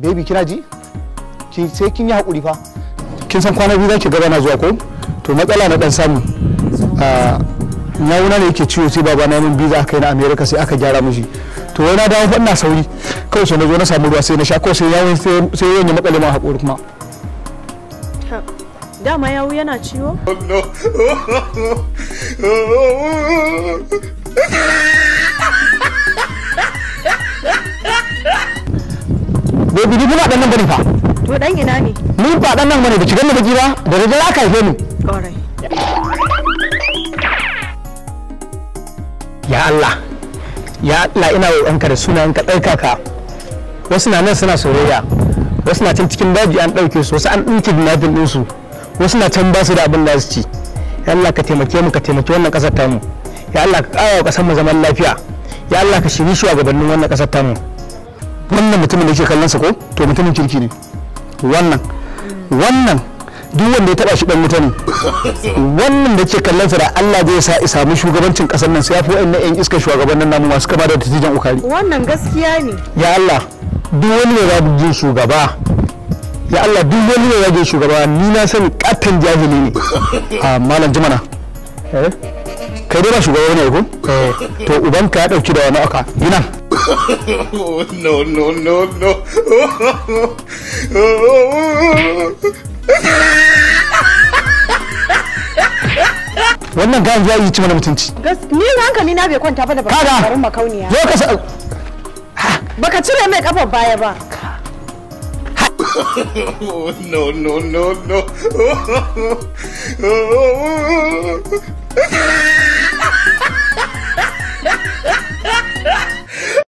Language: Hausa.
baby kina ji ki sai kin yi hakuri fa kin san kwana biyu zaki gaba na zuwa ko to matsala na dan samu ah, na ne yake ciwo sai baba na min biza kai na america sai aka gyara mishi to wani na dawo fa ina sauri kawai sai na zo na samu ruwa sai na sha kawai sai yawon sai yawon ya matsale ma hakuri kuma dama yawu yana ciwo oh, bai bi kuma dan nan bane fa to dan ina ne ni ba dan nan bane ba cikin baki ba da rajin aka haife ni ya Allah ya Allah ina roƙonka da sunan ka ɗaukaka wasu na nan suna soyayya wasu na can cikin daji an ɗauke su wasu an ɗinke dinafin ɗinsu wasu na can ba su da abin da su ci ya Allah ka taimake mu ka taimake wannan ƙasar tamu ya Allah ka ƙara wa ƙasar mu zaman lafiya ya Allah ka shiri shugabannin wannan ƙasar tamu wannan mutumin da ke kallon sa ko to mutumin kirki ne wannan wannan duk wanda ya taba shi dan mutane wannan da ke kallon sa da Allah zai sa isa mu shugabancin kasar nan sai ya fi wa'annan yan iska shugabannin namu masu kama da dattijan ukari wannan gaskiya ne ya Allah duk wani ne ji shugaba ya Allah duk wani ne ji shugaba ni na sani katan jahili ne a ah, malam jimana eh? kai dai ba shugaba ne ko eh. to uban ka ya dauki da wani aka ginan no no no no wannan gayan ya yi ci mana mutunci ni hankali na bai kwanta ba da barin makauniya yo ka baka cire mai kafar baya ba oh, no, no, no, no.